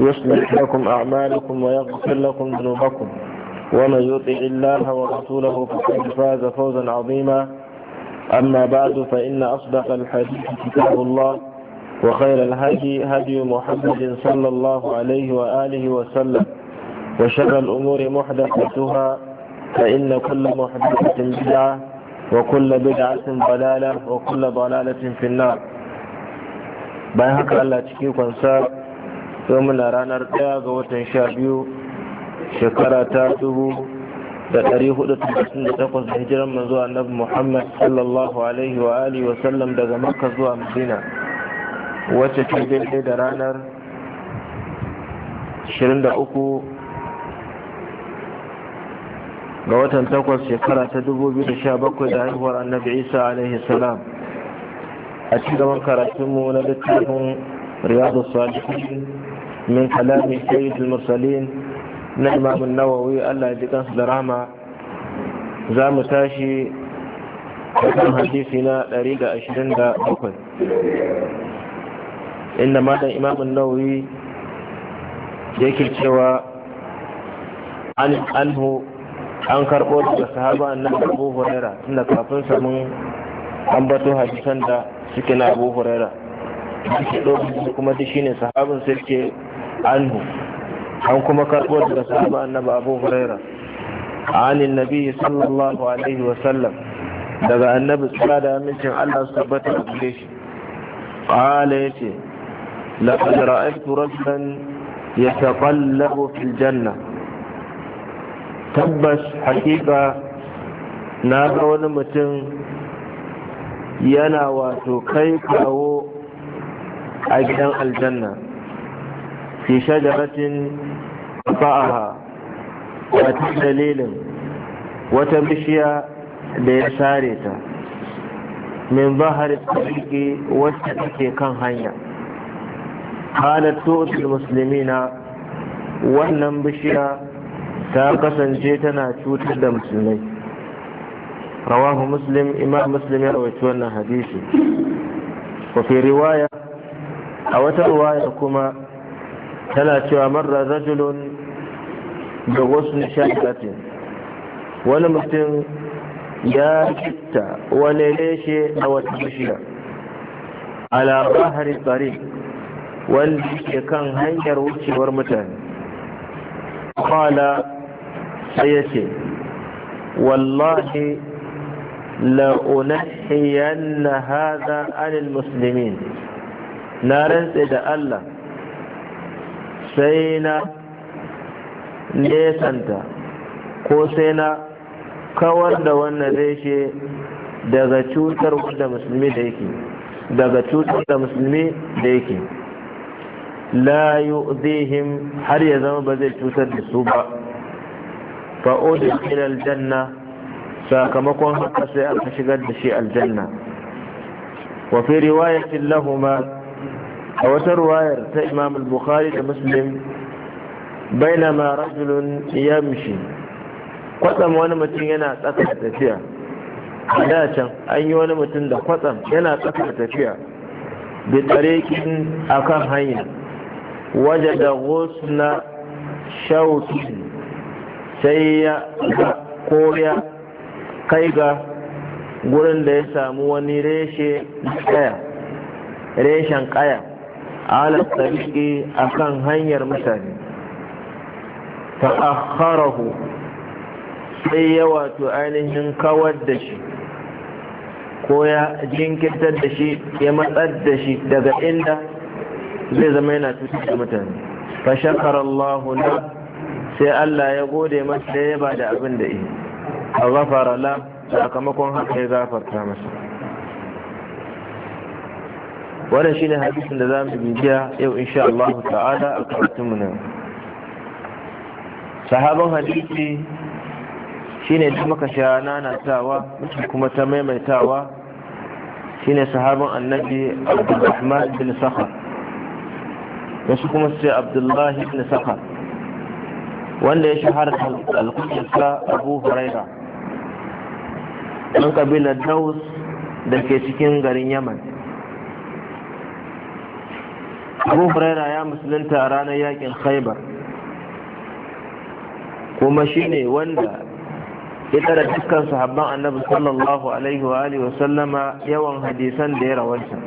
يصلح لكم أعمالكم ويغفر لكم ذنوبكم ومن يطع الله ورسوله فقد فاز فوزا عظيما أما بعد فإن أصدق الحديث كتاب الله وخير الهدي هدي محمد صلى الله عليه وآله وسلم وشر الأمور محدثتها فإن كل محدثة بدعة وكل بدعة ضلالة وكل ضلالة في النار بايهك الله تشكيكم سار sai muna ranar 1 ga watan sha biyu shekara ta dubu da hudu da takwas da hijiran manzo annabi muhammad sallallahu alaihi wa alihi wa sallam daga makka zuwa madina wacce ta daidai da ranar 23 ga watan takwas shekara ta dubu biyu da sha bakwai da haihuwar annabi isa alaihi salam a cigaban karatunmu na littafin riyadu salihin من kalami سيد mursalin na imam nawawi Allah ya ji kansu da rama za mu tashi kan hadisi na 127 inda madan imam nawawi yake cewa an anhu an karɓo daga sahaba annabi Abu Huraira inda kafin sa mun ambato hadisan da suke na Abu Huraira shi kuma duk shine sahabin sai ke anhu an kuma karɓo daga sahaba annabi abu huraira عن النبي sallallahu alaihi wa sallam. daga annabi tsira da amincin Allah su tabbata a gare shi qala yace laqad ra'aytu rajulan yataqallabu fil janna tabbas hakika na ga wani mutum yana wato kai kawo a gidan aljanna في شجرة fa'aha wata dalilin wata bishiya da ya sare ta min bahar tsarki wacce kan hanya halar tu'utul musulmina wannan bishiya ta kasance tana cutar da musulmai rawahu muslim imam muslim ya rawaci wannan hadisi wa fi riwaya a wata riwaya kuma tana cewa marar rajulun da wasu shaƙatin wani mutum ya kitta wani leshe a wata bishiya ala bahari tsari wanda ke kan hanyar wucewar mutane kwala sai ya ce wallahi la'unahiyan na haza anil musulmin na rantse da allah sai na nesanta ko sai na kawar da wannan reshe daga cutar da musulmi da yake daga cutar da musulmi da yake la yu'dihim har ya zama ba zai cutar da su ba fa udkhila aljanna sakamakon haka sai aka shigar da shi aljanna wa fi riwayatin lahumma a wata ruwayar ta imam bukhari da muslim ma rajulun yamshi kwatsam wani mutum yana tsaka da tafiya a da can an yi wani mutum da kwatsam yana tsaka da tafiya da tsarekin kan hanya waje da na shauki sai ya ko ya kai ga gurin da ya samu wani reshe kaya reshen kaya ala tsarki a kan hanyar mutane ta akharahu sai ya wato ainihin kawar da shi ko ya jinkirtar da shi ya matsar da shi daga inda zai zama yana cutar da mutane fa shakar Allah na sai Allah ya gode masa da ya ba da abin da yi a gafara la sakamakon haka ya gafarta masa wannan ne hadisin da za zamu bibiya yau insha Allah ta'ala a karatun sahaban hadisi shine da muka sha tawa muke kuma ta maimaitawa ne sahaban annabi Abdulrahman bin Sakhar wasu kuma sai Abdullahi bin Sakhar wanda ya shahara alkunyarsa Abu Huraira ɗan kabilar Daus da ke cikin garin Yaman abu huraira ya musulunta a ranar yakin khaibar kuma shine wanda ita da dukkan sahabban annabi sallallahu alaihi wa alihi sallama yawan hadisan da ya rawaita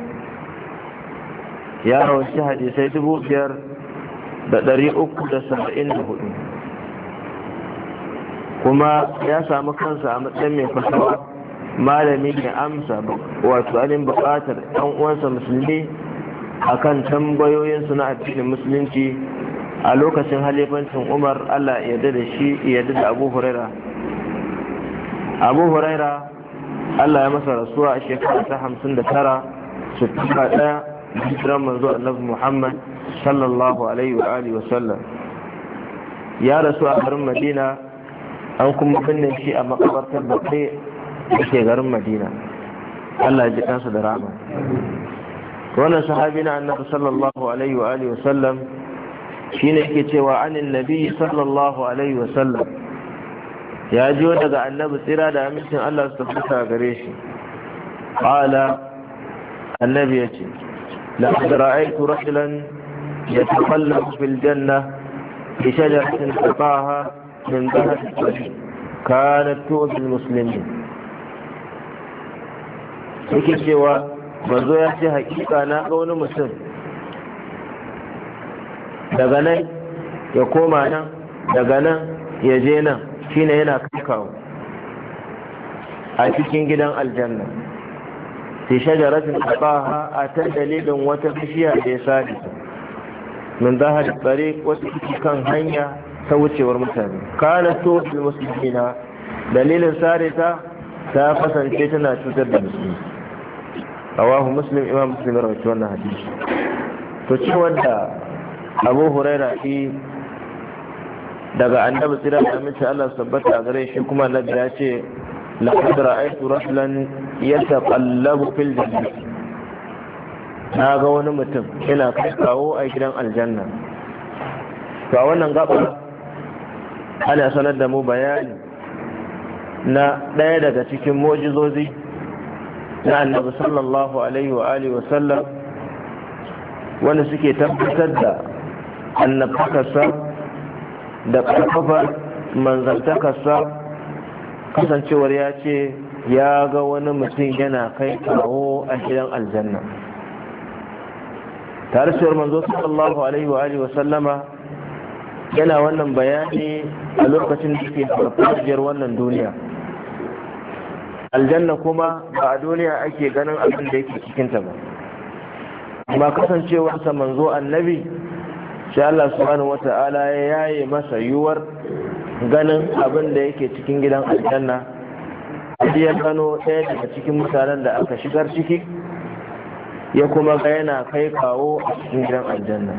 ya rawaita hadisai dubu biyar da ɗari uku da saba'in da hudu kuma ya samu kansa a matsayin mai fasawa malami ne amsa wato alin buƙatar ɗan uwansa musulmi akan tambayoyin suna addinin musulunci a lokacin halifancin umar allah yarda da shi yarda da abu huraira abu huraira allah ya masa rasuwa a shekara ta hamsin da tara shekara ɗaya hijiran manzo annabi muhammad sallallahu alaihi wa alihi wa sallam ya rasu a garin madina an kuma binne shi a makabartar da ke garin madina allah ya ji kansa da rama wannan sahabi na annabi sallallahu alaihi wa alihi wasallam shine yake cewa anin nabi sallallahu alaihi wasallam ya jiyo daga annabi tsira da amincin Allah su tabbata gare shi qala annabi ya yace laqad ra'aytu rajulan yataqallabu fil janna bi shajaratin qataha min dhahabi kanat tu'ti al muslimin yake cewa manzo ya ce haƙiƙa na ga wani mutum daga nan ya koma nan daga nan ya je nan shine yana kawo. a cikin gidan aljanna fi shajaratin abaha a ta dalilin wata bishiya da ya sadi min zahar tsare wata kan hanya ta wucewar mutane kana so musulmina dalilin sare ta ta kasance tana cutar da musulmi rawahu muslim imam muslim ya rawaito wannan hadisi to ci wanda abu huraira shi daga annabi tsira da amince Allah sabbata a gare shi kuma annabi ya ce laqad ra'aytu rajulan yataqallabu fil jannah na ga wani mutum yana kai kawo a gidan aljanna to a wannan gaba ana sanar da mu bayani na ɗaya daga cikin mu'jizozi na annabi sallallahu alaihi wa alihi wa sallam wanda suke tabbatar da annabtakarsa da ƙarfafar manzantakarsa kasancewar ya ce ya ga wani mutum yana kai kawo a gidan aljanna tare cewar manzo sallallahu alaihi wa alihi wa sallama yana wannan bayani a lokacin da suke farfajiyar wannan duniya aljanna kuma ba a duniya ake ganin abin da yake cikinta ba Kuma kasancewar kasancewarsa manzo annabi sai Allah subhanahu wata'ala ya yaye masa yiwuwar ganin abin da yake cikin gidan aljanna sai ya gano ɗaya daga cikin mutanen da aka shigar ciki ya kuma ga yana kai kawo a cikin gidan aljanna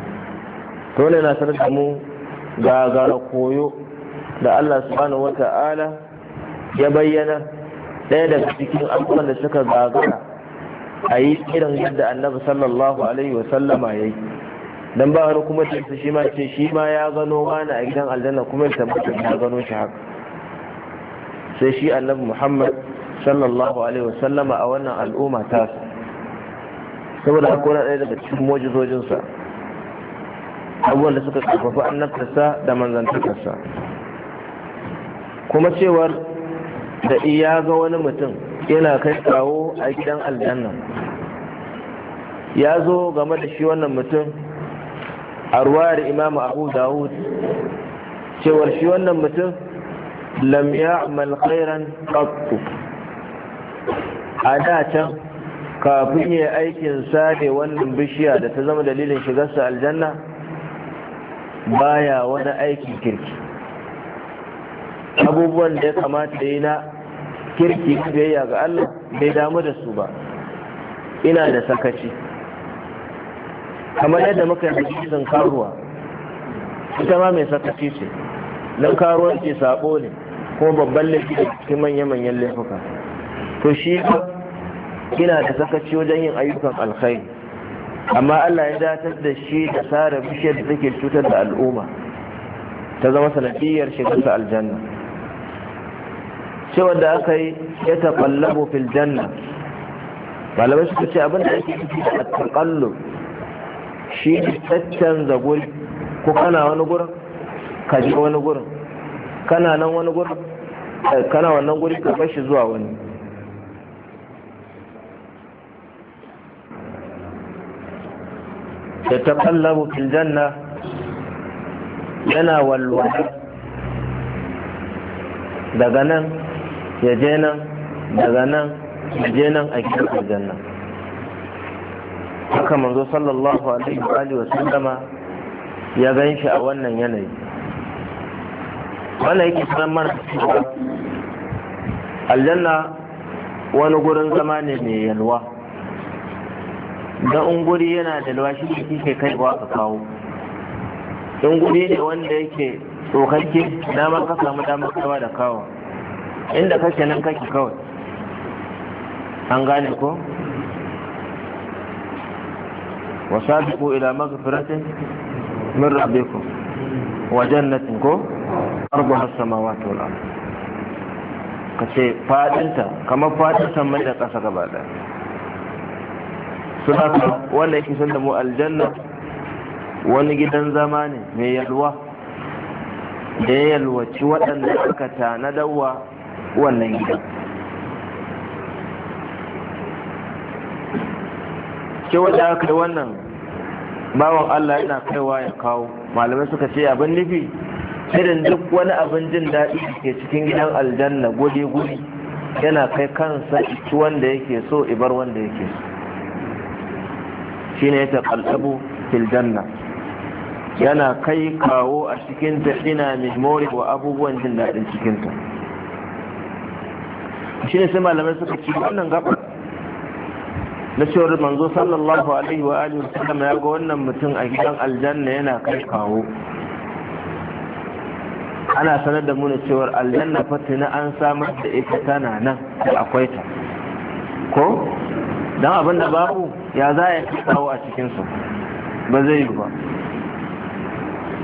to ne na sanar da mu gagara koyo da Allah subhanahu wata'ala ya bayyana ɗaya daga cikin abubuwan da suka gagara a yi irin yadda annabi sallallahu alaihi wa sallama ya yi dan ba wani kuma tinsa shi ma ce shi ma ya gano mana a gidan aljanna kuma ya tabbata ya gano shi haka sai shi annabi muhammad sallallahu alaihi wa sallama a wannan al'umma ta saboda haka wani ɗaya daga cikin mojizojinsa abubuwan da suka karfafa annabtarsa da manzantarsa kuma cewar da iya ga wani mutum yana kai kawo a gidan aljanna ya zo game da shi wannan mutum a ruwayar imamu abu dawud cewar shi wannan mutum lam ya'mal khairan qattu a da can kafin ya aikin sade wannan bishiya da ta zama dalilin shigarsa aljanna baya wani aikin kirki abubuwan da ya kamata yi na kirki biyayya ga Allah bai damu da su ba ina da sakaci kamar yadda muka yi hadisin karuwa ita ma mai sakaci ce don karuwan ce sabo ne ko babban laifi da cikin manya-manyan laifuka to shi ina da sakaci wajen yin ayyukan alkhairi amma Allah ya datar da shi da tsara bishiyar da take cutar da al'umma ta zama sanadiyar shigarsa aljanna cewa da aka yi ya taƙallabu fil janna malamai suka ce abin da ake ciki a taƙallu shi ne canza guri ko kana wani gurin ka je wani gurin kana nan wani gurin eh, kana wannan guri ka bashi zuwa wani ya taƙallabu fil janna yana walwala daga nan ya je nan daga nan ya je nan a gidan aljanna haka manzo sallallahu alaihi wa alihi wasallama ya gan shi a wannan yanayi wannan yake san mana aljanna wani gurin zama ne mai yalwa da unguri yana da yalwa shi ne kike kaiwa ka kawo unguri ne wanda yake tsokakke dama ka samu damar kawa da kawo inda kake nan kake kawai an gane ko ila وسابقوا إلى مغفرة من ربكم وجنة كو samawati wal ard kace fadinta kamar fadin sammai da ƙasa gaba ɗaya suna haka wanda yake san da mu aljanna wani gidan zama ne mai yalwa da ya yalwaci waɗanda na tanadawa wannan gidan ke da aka yi wannan bawan Allah yana kaiwa ya kawo malamai suka ce abin nufi irin duk wani abin jin daɗi ke cikin gidan aljanna gode guri yana kai kansa ci wanda yake so ibar wanda yake so shine ya taqallabu fil janna yana kai kawo a cikin ta ina memory wa abubuwan jin daɗin cikinta shi ne sai malamai suka ci wannan gaba na cewar manzo sallallahu alaihi wa alihi wasallam ya ga wannan mutum a gidan aljanna yana kai kawo ana sanar da mu na cewar aljanna fatina an samar da ita tana nan da akwai ta ko dan abin da babu ya za ya kai kawo a cikin su ba zai yi ba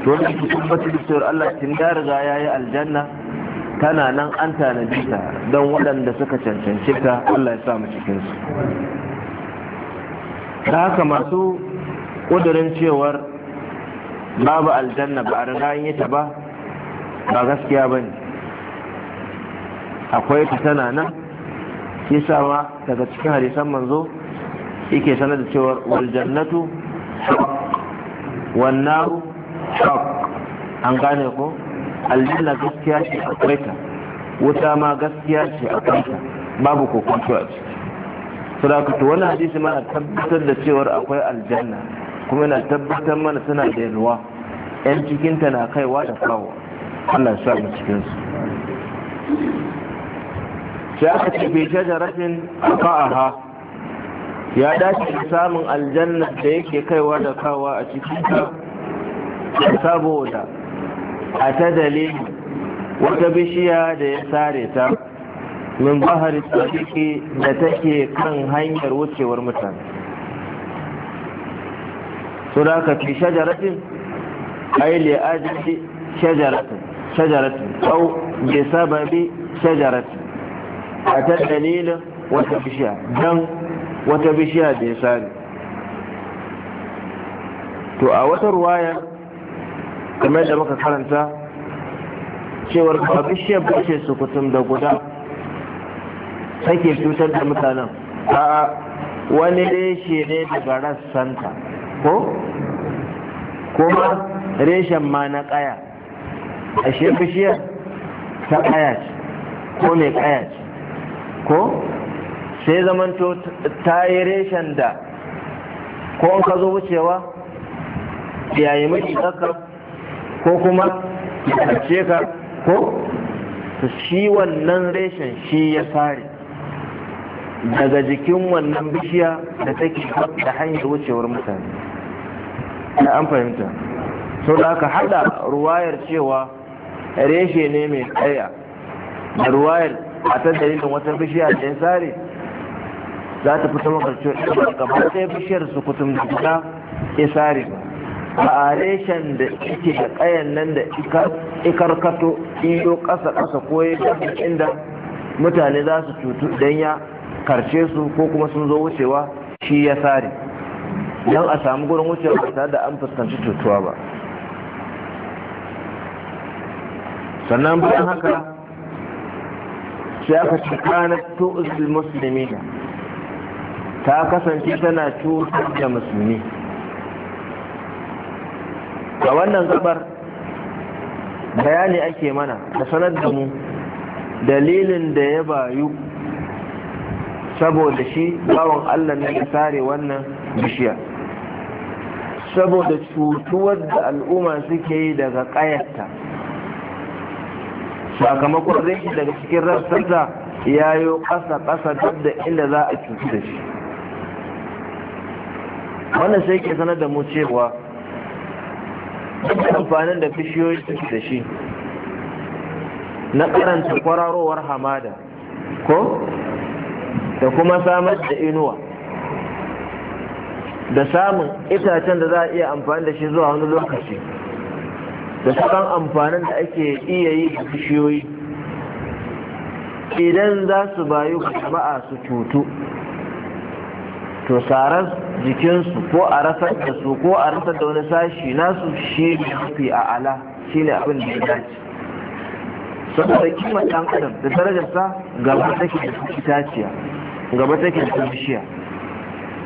to wannan tabbatar da cewar Allah tin da riga ya yi aljanna tana nan an tanadi ta don waɗanda suka cancanci ta Allah ya sa mu cikin su da haka masu ƙudurin cewar babu aljanna ba a riga yi ta ba ba gaskiya ba ne akwai ta tana nan sa ma daga cikin hadisan manzo yake sanar da cewar wal jannatu haq an gane ko aljanna gaskiya ce akwai ta wuta ma gaskiya ce a ta babu kokonto a ciki saboda to wannan hadisi mana tabbatar da cewar akwai aljanna kuma yana tabbatar mana tana da yalwa yan cikinta na kaiwa da kawo Allah ya sa mu cikin su sai aka ce fi shajaratin fa'aha ya dace da samun aljanna da yake kaiwa da kawa a cikinta saboda a ta wata bishiya da ya sare ta min bahari tsarki da take kan hanyar wucewar mutane su da aka fi shajaratin a ajiyar shajaratin shajaratin tsau bi sababi shajaratin a ta dalilin wata bishiya don wata bishiya da ya sare to a wata ruwayar kamar da muka karanta cewar ba bishiyar bace su kutum da guda take cutar da mutanen a wani reshe ne daga rassanta ko kuma reshen ma na kaya ashe bishiyar ta kaya ce ko mai kaya ce ko sai zamanto ta yi reshen da ko ka zo wucewa yayi mai tsakar ko kuma ya ka ko shi wannan reshen shi ya sare daga jikin wannan bishiya da take da hanyar wucewar mutane da an fahimta sau da aka hada ruwayar cewa reshe ne mai kaya da ruwayar a ta dalilin wata bishiya da ya sare za ta fito makarci wadda kamar sai bishiyar su kutum da ya sare ba a reshen da ike da kayan nan da ikarkato iyo ƙasa ƙasa ko inda mutane za su cutu don ya karce su ko kuma sun zo wucewa shi ya sare don a samu gurin wucewa ba tare da an fuskanci cutuwa ba sannan bayan haka sai aka ci na to'uzul musulmi ta kasance tana cutar da musulmi a wannan gabar bayani ake mana da sanar da mu dalilin da ya bayu saboda shi bawon allah ne na sare wannan bishiya saboda cutuwar da al'umma suke yi daga ƙayarta sakamakon rashi daga cikin rassarsa ya yi ƙasa-ƙasa duk da inda za a cutu da shi wannan sai ke sanar da mu cewa amfanin da bishiyoyi suke da shi na karanta kwararowar hamada ko da kuma samar da inuwa da samun itacen da za a iya amfani da shi zuwa wani lokaci da sukan amfanin da ake iya yi da bishiyoyi idan za su bayu jama'a su cutu to sarar jikinsu ko a rasar da su ko a rasar da wani sashi nasu shi ne mafi a ala shi ne abin da ya dace saboda kima ɗan adam da darajarsa gaba take da itaciya gaba take da bishiya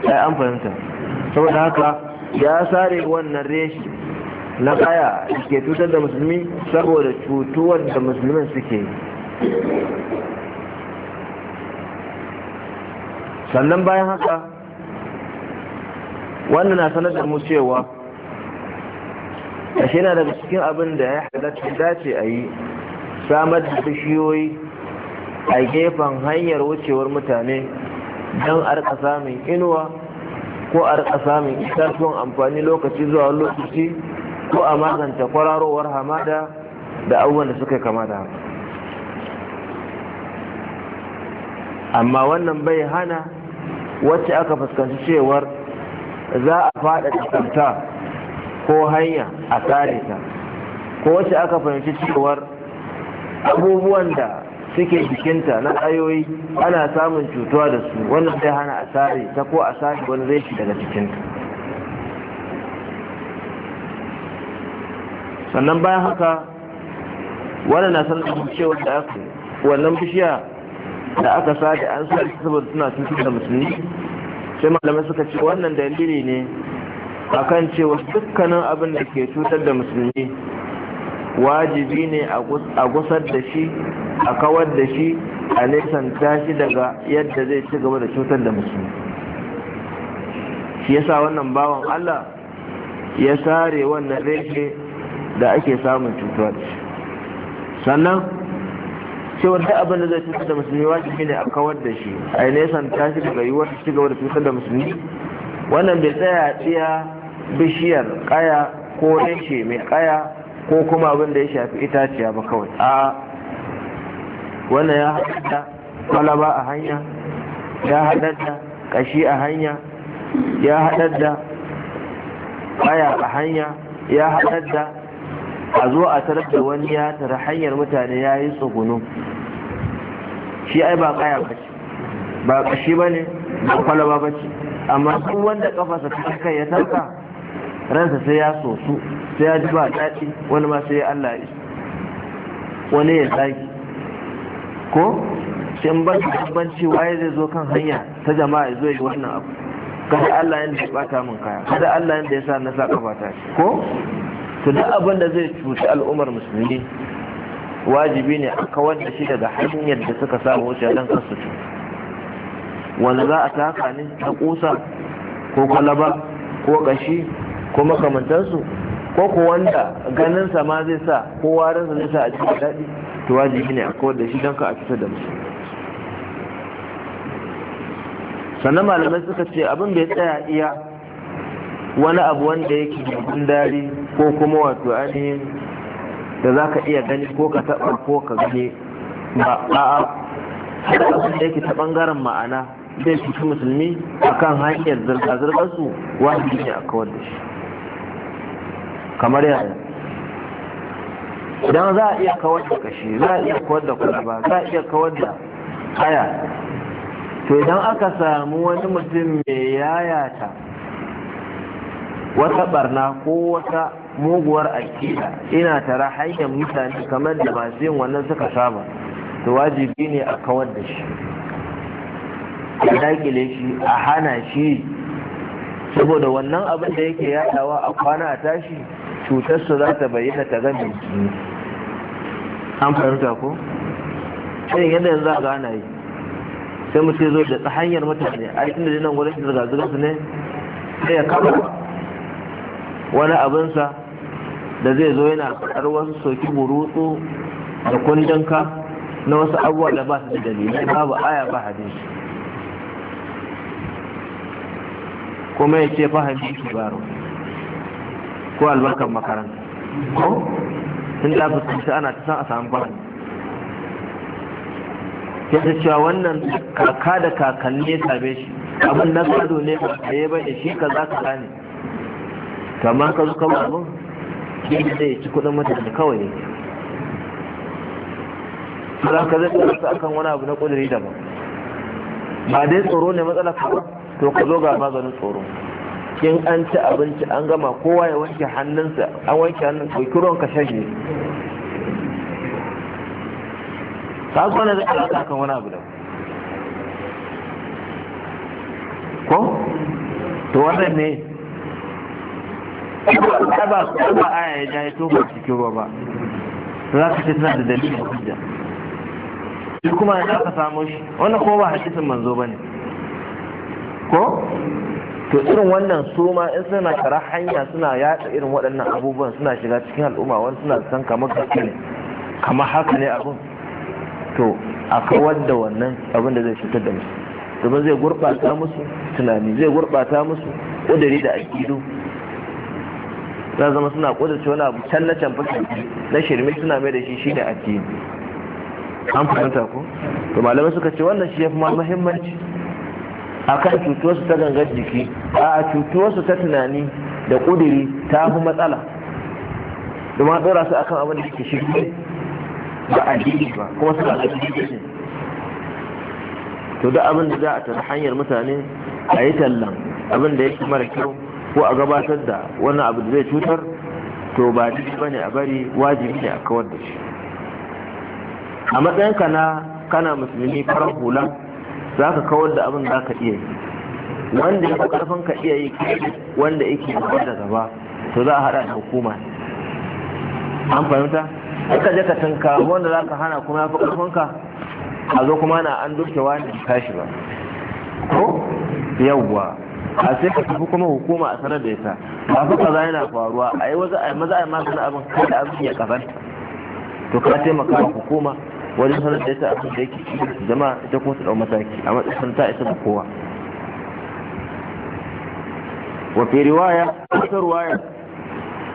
ai an fahimta saboda haka ya sare wannan reshi na kaya da ke cutar da musulmi saboda cutuwar da musulmin suke yi sannan bayan haka wannan na sanar da mu cewa ashe na daga cikin abin da ya halatta dace a yi samar da bishiyoyi a gefen hanyar wucewar mutane don a rika samun inuwa ko a samun itatuwan amfani lokaci zuwa lokaci ko a maganta kwararowar hamada da abubuwan da suka kama da amma wannan bai hana wacce aka fuskanci cewar za a fada tsafta ko hanya a tsarita ta ko wacce aka fahimci cewar abubuwan da suke jikinta na ayoyi ana samun cutuwa da su wannan zai hana a tsari ta ko a tsare wani zai shi daga cikinta sannan bayan haka wannan na sanar cewa da aka wannan bishiya da aka da an sa saboda suna cutar da musulmi sai malamai suka ce wannan dalili ne akan cewa dukkanin abin da ke cutar da musulmi wajibi ne a gusar da shi a kawar da shi a nisan tashi daga yadda zai ci gaba da cutar da musulmi shi yasa wannan bawan allah ya sare wannan reshe da ake samun shi sannan cewar duk abin da zai cutar da musulmi wajibi ne a kawar da shi a yi nesan ta shi daga yiwuwar wata shiga da cutar da musulmi wannan bai tsaya tsaya bishiyar kaya ko reshe mai kaya ko kuma abin da ya shafi itaciya ba kawai a wannan ya haɗa kwalaba a hanya ya haɗar da ƙashi a hanya ya haɗar da kaya a hanya ya haɗar da a zo a tarar da wani ya tara hanyar mutane ya yi tsugunu shi ai ba kaya ba ce ba kashi ba ne ba kwalaba ba ce amma duk wanda kafasa ta kai ya tarka ransa sai ya sosu sai ya ji ba daɗi wani ma sai ya Allah ya wani ya tsaki ko sai ba su tabbanci waye zai zo kan hanya ta jama'a ya zo yi wannan abu kada Allah yanda ya bata min kaya kada Allah yanda ya sa na sa kafata ko to duk abin da zai cuci al'ummar musulmi wajibi ne a kawar da shi daga hanyar da suka samu wuce don kasu wanda za a taka ne ta kusa ko kwalaba ko kashi ko makamantansu ko ko wanda ganin ma zai sa ko warin zai sa a cikin daɗi to wajibi ne a kawar da shi don ka a fitar da musu sannan malamai suka ce abin bai tsaya iya wani abu wanda yake gudun dari ko kuma wato ainihin da za ka iya gani ko ka taɓa ko ka gani ba a da abin da yake ta ɓangaren ma'ana zai fito musulmi a kan hanyar zirga-zirgar su wajibi ne a kawar da shi kamar yaya idan za a iya kawar da kashi za a iya kawar da kwalaba za a iya kawar da haya to idan aka samu wani mutum mai yayata wata barna ko wata muguwar aƙida ina tara hanyar mutane kamar da masu yin wannan suka saba to wajibi ne a kawar da shi a dakile shi a hana shi saboda wannan abin da yake yadawa a kwana a tashi su za ta bayyana ta ga an fahimta ko sai yadda yanzu a gana yi sai mu sai zo da hanyar mutane a inda nan gurin zirga-zirga su ne sai ya kama wani abinsa da zai zo yana faɗar wasu soki burutsu da kundinka na wasu abubuwa da ba su da dalilai babu aya ba hadisi kuma ya ce fahimci kibaru ko albarkar makaranta ko tun da fuskanci ana ta san a samu ya ta cewa wannan kaka da kakanni ya same shi abin na gado ne ba tsaye ba da shi ka za ka gane kamar ka zuka abin yadda zai ci kudin mutane kawai ne Ba za ka zai tsarasa akan wani abu na ƙudiri daban ba dai tsoro ne matsala ba to ka zo ga maganin tsoro in an ci abinci an gama kowa ya wanke hannunsa an wanke hannun ko kiron ka shaje ka zo ne zai tsarasa akan wani abu da ko to wannan ne ai ba ba aya ya ja to ba cikin ruwa ba to za ka ce tana da dalilin hujja shi kuma da aka samo shi wannan kuma ba hadisin manzo ne, ko to irin wannan su ma in suna kara hanya suna yaɗa irin waɗannan abubuwan suna shiga cikin al'umma wani suna san kamar gaske ne kamar haka ne abun to a kawar da wannan abin da zai cutar da musu domin zai gurɓata musu tunani zai gurɓata musu ƙudiri da aƙidu za zama suna kudurci wani abu can fasa na shirme suna mai da shi shi ne addini an fahimta ko to malamai suka ce wannan shi ya fi ma A kan cutuwarsu ta gangar jiki a cutuwarsu ta tunani da kuduri ta fi matsala domin a ɗora su akan abin da suke shirme ba jiki ba kuma suna da addini to da abin da za a tara hanyar mutane a yi tallan abin da yake mara kyau ko a gabatar da wannan abu da zai cutar to ba ba ne a bari wajibi ne a kawar da shi a matsayinka na kana musulmi farar hula za ka kawar da abin da ka iya yi wanda ya fi karfin ka iya yi wanda yake gaba da gaba to za a hada da hukuma an fahimta ka je ka tanka wanda za ka hana kuma ya fi karfin ka a zo kuma na an dukewa ne kashi ba ko yawwa a sai ka tafi kuma hukuma a sanar da ita ba fa kaza yana faruwa ai waza ai maza ai maganin abin da abin ya kafan to ka taimaka wa hukuma wajen sanar da ita abin da yake jama'a ita kuma ta dau mataki a matsayin ta isa da kowa wa fi riwaya ta riwaya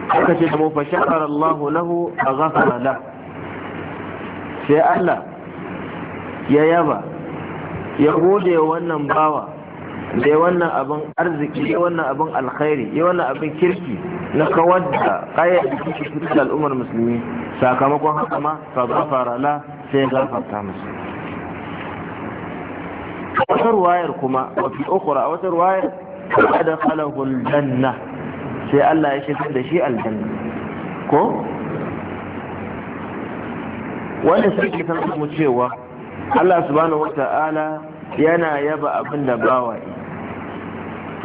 aka ce da mu fa shakara Allah lahu aghfara la sai Allah ya yaba ya gode wannan bawa da wannan abin arziki ya wannan abin alkhairi ya wannan abin kirki na kawar da kayan da kike da al'ummar musulmi sakamakon haka ma fa gafara la sai ya gafarta musu wata ruwayar kuma wafi 'okura a wata ruwayar kada da falahul janna sai Allah ya shigar da shi aljanna ko wanda sai ke san mu cewa Allah subhanahu wata'ala yana yaba abin da bawa yi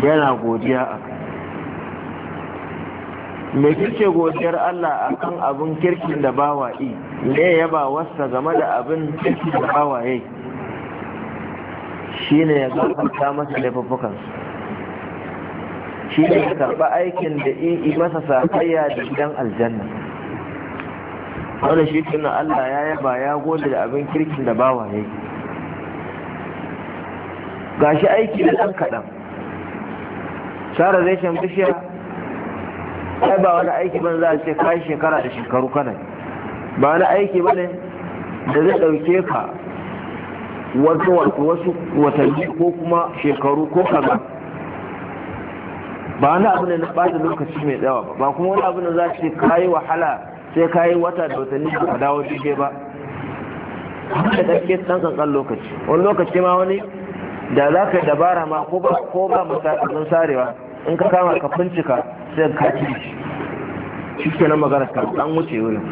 yana godiya a kai mai kirce godiyar Allah a kan abin kirkin da bawa yi ne ya ba wasa game da abin kirkin da bawa ya yi shi ne ya gafarta masa laifukan. shi ne ya karɓi aikin da yi masa sakayya da gidan aljanna wanda shi tunan Allah ya yaba ya gode da abin kirkin da bawa ya yi gashi aiki da ɗan kaɗan Sara zai shan bishiya ai ba wani aiki ba za a ce kai shekara da shekaru kana ba wani aiki ba ne da zai ɗauke ka wasu wasu watanni ko kuma shekaru ko kaza ba wani abu ne na ɓata lokaci mai tsawa ba ba kuma wani abu ne za a ce kai wahala sai kai wata da watanni ka dawo daidai ba da ɗauke ɗan kankan lokaci wani lokaci ma wani da za ka yi dabara ma ko ba ko ba musakanin sarewa in ka kama ka bincika sai ka ci shi ke nan magana ka dan wuce wurin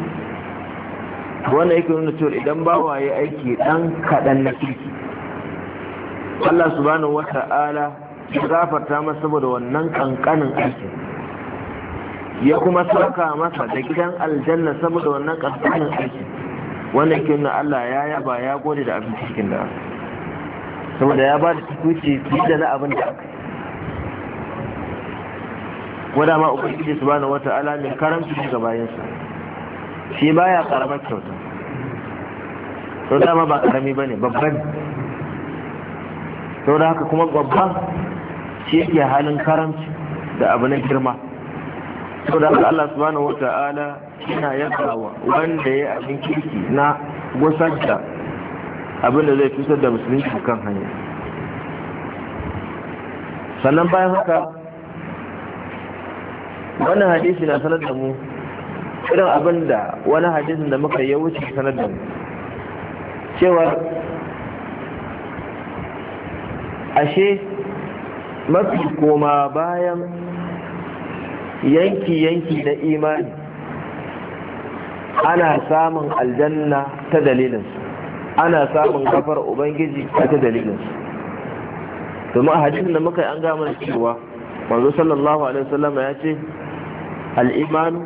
wannan yake nuna cewa idan ba waye aiki dan kaɗan na kirki Allah subhanahu wa ta'ala ya gafarta masa saboda wannan kankanin aikin ya kuma saka masa da gidan aljanna saboda wannan kankanin aikin wannan yake nuna Allah ya yaba ya gode da abin cikin da aka saboda ya ba da tukuci fiye da na abin da aka wadda ma ubangiji subhanahu wata mai karamci ga bayansa shi ba ya karamar kyauta to dama ba karami ne babban to da haka kuma babban shi yake halin karamci da abu na girma to da haka Allah subhanahu wata'ala yana yankawa wanda ya yi abin kirki na gusar da abinda zai cutar da musulunci kan hanya sannan bayan haka wani hadisi na sanar da mu irin abinda wani hadisi da muka yi wuce sanar da mu cewa ashe mafi koma bayan yanki-yanki na imani ana samun aljanna ta dalilinsa ana samun kafar ubangiji a ta dalilinsu domin a hadisin da muka yi an gama cewa manzo sallallahu alaihi wasallam ya ce al-iman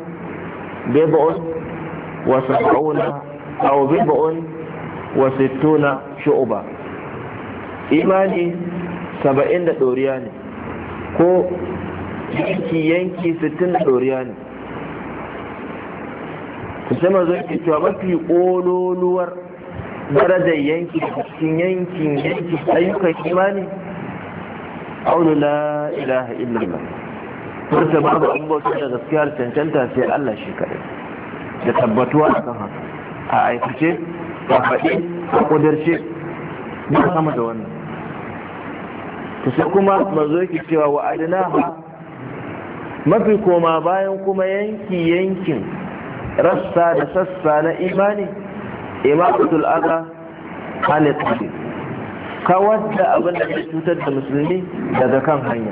bid'un wa sab'una aw bid'un wa sittuna shu'ba imani saba'in da ɗoriya ne ko yanki yanki sittin da ɗoriya ne ku sai manzo yake cewa mafi ƙololuwar darajar yanki cikin yankin yanki ayyukan imani aunu la ilaha illallah furta babu an bauta da gaskiyar cancanta sai Allah shi kaɗai da tabbatuwa a kan haka a aikace a faɗi a ƙudirce ba sama da wannan ta sai kuma mazo yake cewa wa adinaha mafi koma bayan kuma yanki yankin rassa da sassa na imani imaqatul adha an at kawar da abin da ke cutar da musulmi daga kan hanya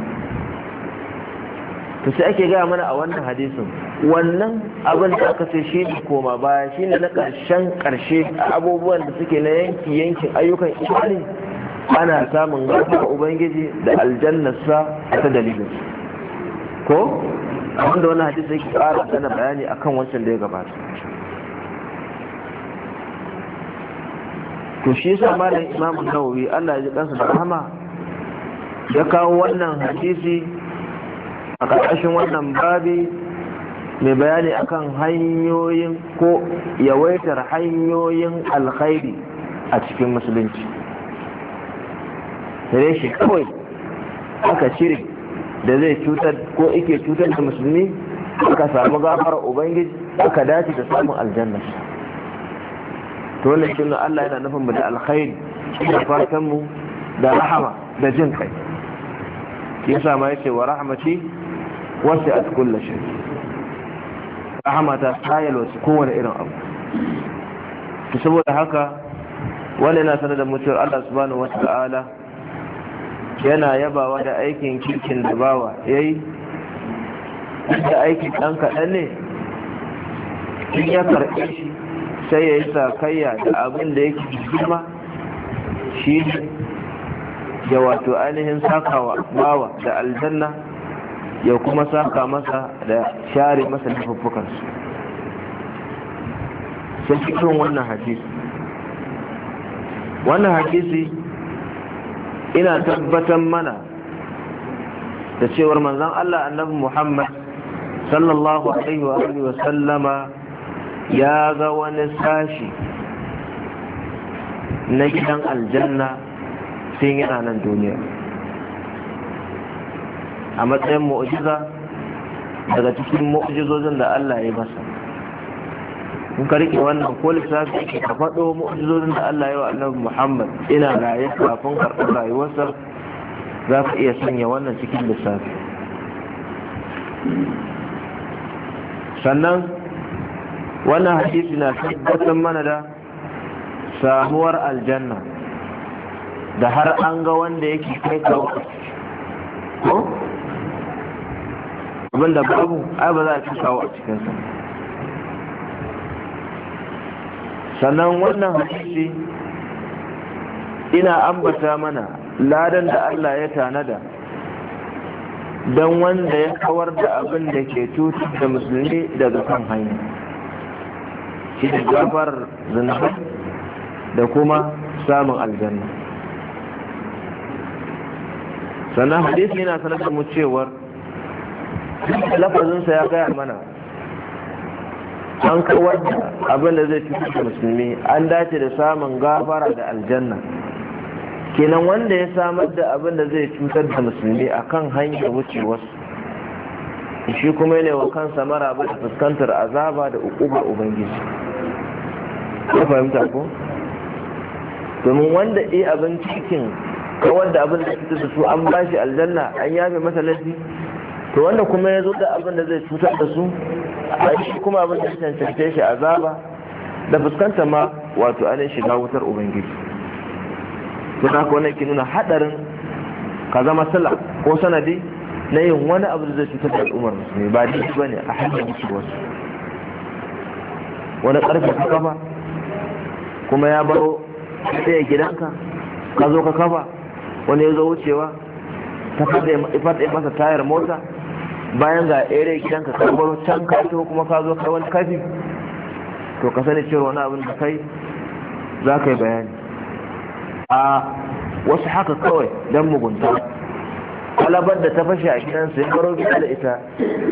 to sai ake gaya mana a wannan hadisin wannan abin da aka sai shi ne koma baya shi ne na ƙarshen ƙarshe abubuwan da suke na yanki yankin ayyukan imani ana samun gafa ubangiji da aljannarsa ta dalilin ko abinda wani hadisi yake ƙara sana bayani akan wancan da ya gabata to shi yasa malam imam nawawi Allah ya ji kansa da rahama ya kawo wannan hadisi a ƙarƙashin wannan babi mai bayani akan hanyoyin ko yawaitar hanyoyin alkhairi a cikin musulunci sai shi kawai aka cire da zai cutar ko ike cutar da musulmi aka samu gafar ubangiji aka dace da samun aljanna dole wannan shi Allah yana nufin mu da alkhairi da fatan mu da rahama da jin kai yasa ma yace wa rahmati wasi'at kulli shay rahama ta tayal wasu kowane irin abu to saboda haka wannan yana sanar da mutuwar Allah subhanahu wata'ala yana yabawa da aikin kirkin da bawa yayi da aikin ɗan kaɗan ne in ya karɓe shi sai ya yi sakayya da abin da yake girma shi ya wato ainihin sakawa bawa da aljanna ya kuma saka masa da share masa lafuffukansu sai kan wannan hadisi wannan hadisi ina tabbatar mana da cewar manzon Allah annabi Muhammad sallallahu alaihi wa wa sallama ya ga wani sashi na gidan aljanna sun yana nan duniya a matsayin mu'ujiza daga cikin mu'ujizozin da Allah ya masa in ka rike wannan ko lissafi ke ka faɗo mu'ujizozin da Allah ya wa annabi Muhammad ina raye kafin karɓar rayuwarsa za ka iya sanya wannan cikin lissafi sannan wannan hadisi na tabbatar mana da samuwar aljanna da har an ga wanda yake kai kawo ko abinda babu ai ba za a fi kawo a cikinsa sannan wannan hadisi ina ambata mana ladan da Allah ya tanada don wanda ya kawar da abin da ke cutar da musulmi daga kan hanya shi da gafarar da kuma samun aljanna sannan hadisi yana sanar da mu cewar lafazinsa ya gaya mana an kawar da abin da zai fi musulmi an dace da samun gafara da aljanna kenan wanda ya samar da abin da zai cutar da musulmi a kan hanyar wucewarsu shi kuma ne wa kansa maraba da fuskantar azaba da ukubar ubangiji ko fahimta ko domin wanda eh abin cikin kawar da abin da cutar da su an bashi aljanna an yafe masa laifi to wanda kuma ya zo da abin da zai cutar da su a shi kuma abin da zai tantance shi azaba da fuskanta ma wato anin shiga wutar ubangiji to da haka wannan ke nuna hadarin ka zama sala ko sanadi na yin wani abu da zai cutar da al'ummar musulmi ba ba bane a hannun wasu wani karfi kafa kuma ya baro tsaye gidanka ka zo ka kafa wani ya zo wucewa ta kada ya masa tayar mota bayan ga ere gidanka ka baro can ka taho kuma ka zo kai wani kafi to ka sani cewa wani abin da kai za ka yi bayani a wasu haka kawai don mugunta kwalabar da ta fashe a gidansa ya baro gida da ita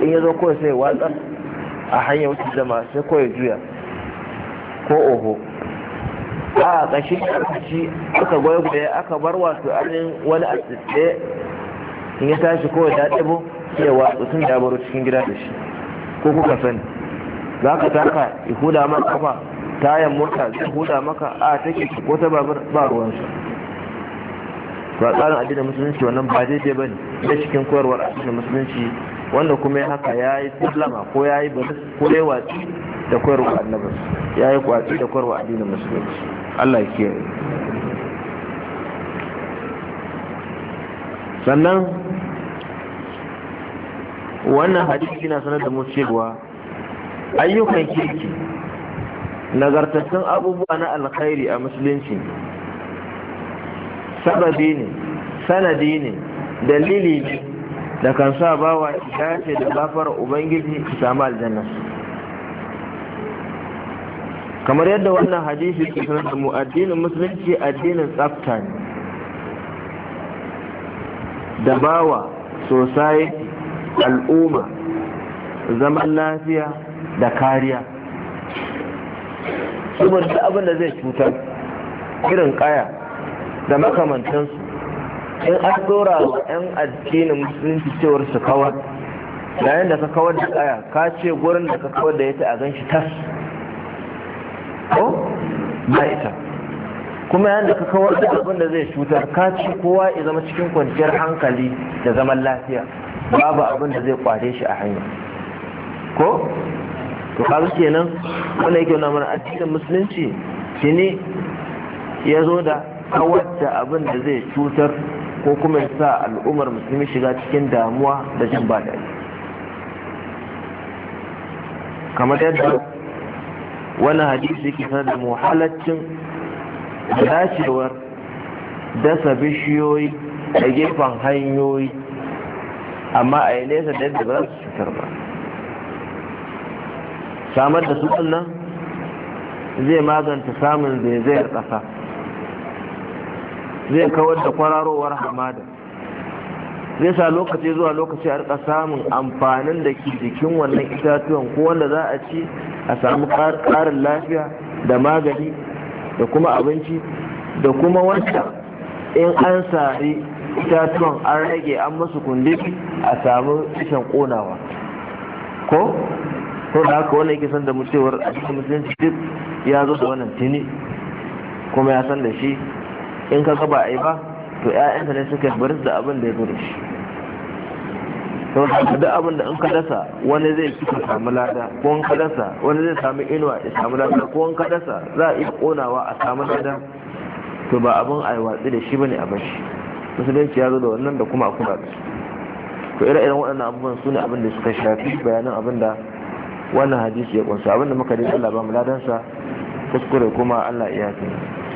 in ya zo kawai sai watsa a hanyar wuce jama'a sai kawai juya ko oho a kashi shi aka gwaigwaye aka bar wasu anin wani a tsitse in ya tashi kowai da ɗabo ke wasu sun da baro cikin gida da shi ko kuka sani za ka taka ya huda maka kafa tayan mota zai huda maka a take ko ta babur ba ruwansa ba tsarin addinin musulunci wannan ba daidai ba ne da cikin koyarwar addinin musulunci wanda kuma ya haka ya yi sallama ko ya yi ko ya watsi da koyarwar annabinsu ya yi watsi da koyarwar addinin musulunci Allah kiyaye sannan wannan hadisi yana sanar da mu cewa ayyukan kirki nagartattun abubuwa na alkhairi a musulunci sababi ne sanadi ne dalili ne da kan sa bawa ya ce da gafara ubangiji su samu aljanna kamar yadda wannan hadisi ke sanar da mu addinin musulunci addinin tsafta ne da bawa sosai al'umma zaman lafiya da kariya saboda duk abin da zai cutar irin kaya da makamantansu in an dora wa 'yan addinin musulunci cewar su kawar yayin da ka kawar da kaya ka ce gurin da ka kawar da ya ta a gan shi tas ba ita kuma yadda ka kawar da abin da zai cutar ka ci kowa ya zama cikin kwanciyar hankali da zaman lafiya babu abin da zai kware shi a hanya ko to zuke kenan wanda yake namar a addinin musulunci shi ne ya zo da kawar da abin da zai cutar ko kuma ya sa al'ummar musulmi shiga cikin damuwa da jin ba kamar yadda wani hadisi yake sanar da mu halaccin dacewar dasa bishiyoyi a gefen hanyoyi amma a yi nesa da yadda ba za su cutar ba samar da su nan zai maganta samun zaizayar ƙasa zai kawar da kwararowar hamada zai sa lokaci zuwa lokaci a rika samun amfanin da ke jikin wannan itatuwan ko wanda za a ci a samu ƙarin lafiya da magani da kuma abinci da kuma wanda in an sari itatuwan an rage an musu kundibi a samu ishan ƙonawa ko ko da haka wani kisan da mutuwar a cikin musulunci duk ya zo da wannan tuni kuma ya san da shi in ka gaba a yi ba to ƴaƴansa ne suka bar da abin da ya zo da shi to da abin da in ka dasa wani zai ci ka samu lada ko in ka dasa wani zai samu inuwa ya samu lada ko in ka dasa za a iya konawa a samu lada to ba abin a yi watsi da shi bane a bashi musulunci ya zo da wannan da kuma a kula da to ire-iren waɗannan abubuwan su ne abin da suka shafi bayanan abin da wannan hadisi ya kunsa abin da muka dai Allah ba mu ladansa kuskure kuma Allah iya yi.